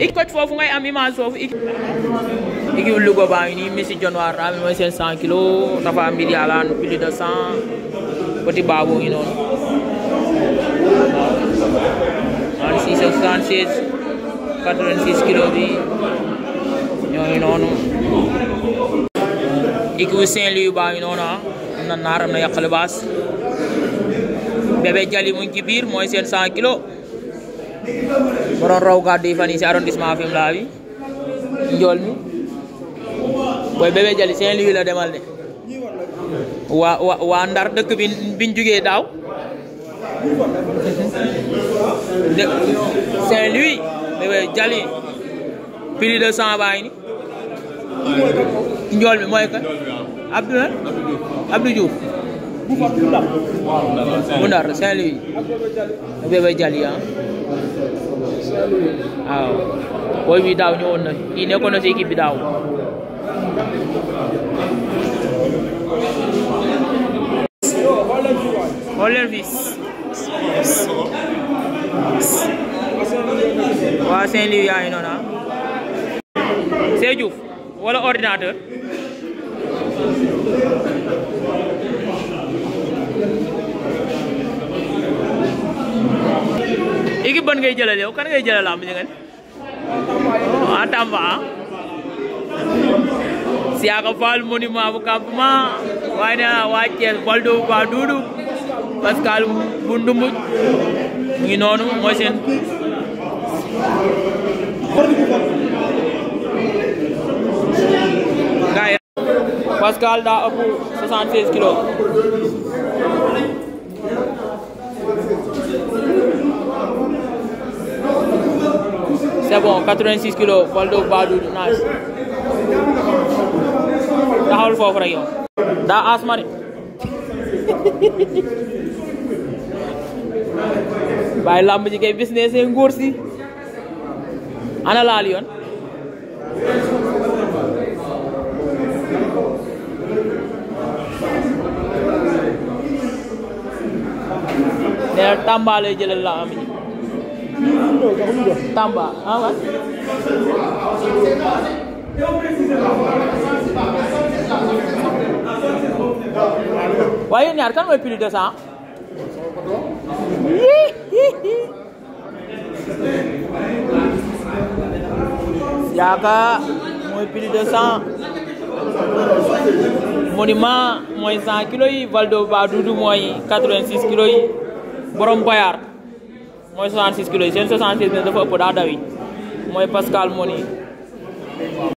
Ikot foofu ngay am image foofu ik équipe Louga baa ngi nii Messi John Waram mooy seen 100 kilos Tapha Mbir de 100 Petit Babou ngi noonu 36 bi ñoo ngi noonu équipe Saint-Louis baa ngi noonu ah na naar na yàqale baas bébé Jali mu ngi ci biir mooy seen kilo borom raw gaddu fan yi ci arrondissement fim bi njool ni boy bebe jali Saint-Louis la demal de wa wa waa Ndar bin bi biñ jugee daaw Saint-Louis bebe jali prix de cent baa ni njool mi mooy kan Abdou eh? Abdou Diouf Boundar saint bebe jali ah. ya. ah boy booy bi daaw ñëwoon na kii nekkoon na si équipe bi daaw xool Saint-Louis wala ordinateur fan ngay kan ngay jëlal làmb ji nga ne ah Tamba ah Siaka Fall monument bu campement waaye nee naa waa Thiès Baldo ba Duudu Pascal bu Ndumbuj mu ngi noonu mooy seen Pascal daa ëpp 76 kilos c'est bon 86 kilos Waldo Badou nice taxawal foofu rek yow daa asma de waaye làmb ji kay business see ngóor si ana laal yoon nee na tàmbaale jëlal làmb ji Tamba. Ah, vai. waaye yéen kan mooy plus de cent. Diaka mooy plus de cent. Monument mooy cent Valdo Badudu mooy quatre kilo, Borom Bayar. mooy 66 kilos yi seen 66 dafa ëpp daa dawi mooy Pascal Moni